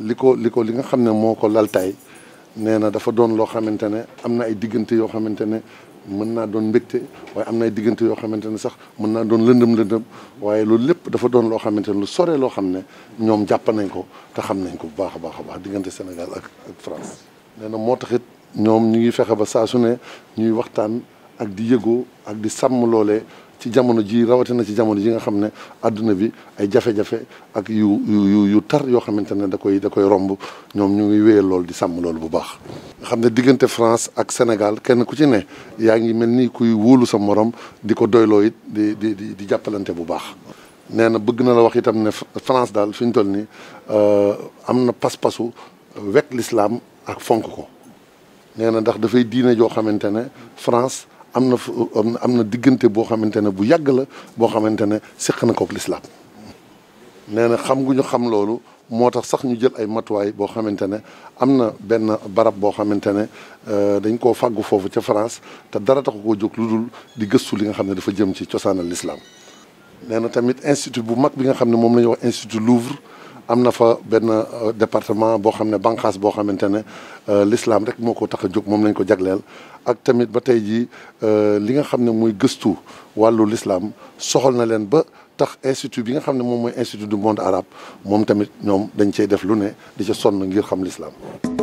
li ko li ko li nga xam ne moo ko laltaay nee na dafa doon loo xamante ne am na ay diggante yoo xamante ne mën naa doon mbégte waaye am na ay diggante yoo xamante ne sax mën naa doon lëndëm lëndëm waaye loolu lépp dafa doon loo xamante ne lu soree loo xam ne ñoom jàpp nañ ko te xam nañ ko bu baax a baax a baax diggante Sénégal ak ak France. nee na moo taxit ñoom ñu ngi fexe ba saa su ne ñuy waxtaan ak di yëgoo ak di sàmm loolee. ci jamono ji rawatina ci jamono ji nga xam ne àdduna bi ay jafe-jafe ak yu yu yu tar yoo xamante ne da koy da koy romb ñoom ñu ngi wéyal loolu di sàmm loolu bu baax. nga xam ne diggante France ak Sénégal kenn ku ci ne yaa ngi mel ni kuy wóolu sa morom di ko doyloo it di di di di jàppalante bu baax. nee na bëgg na la wax itam ne France daal fi ñu toll nii euh, am na pas-pasu wekk lislaam ak fonk ko nee na ndax dafay diine joo xamante ne France. am na fu am na diggante boo xamante ne bu yàgg la boo xamante ne seq na kook lislaam nee na xam gu ñu xam loolu moo tax sax ñu jël ay matuwaay boo xamante ne am na benn barab boo xamante ne euh, dañ koo fàggu foofu ca France te dara taxu koo jóg lu dul di gëstu li nga xam ne dafa jëm ci cosaanal lislaam nee na tamit institut bu mag bi nga xam ne moom lañu ñuy wax Louvre am na fa benn euh, département boo xam ne bànqaas boo xamante ne euh, lislaam rek moo ko tax a jóg moom lañ ko jagleel ak tamit ba tey jii euh, li nga xam ne muy gëstu wàllu lislaam soxal na leen ba tax institut bi nga xam ne moom mooy institut du monde arabe moom tamit ñoom dañ cee def lu ne di ca sonn ngir xam lislaam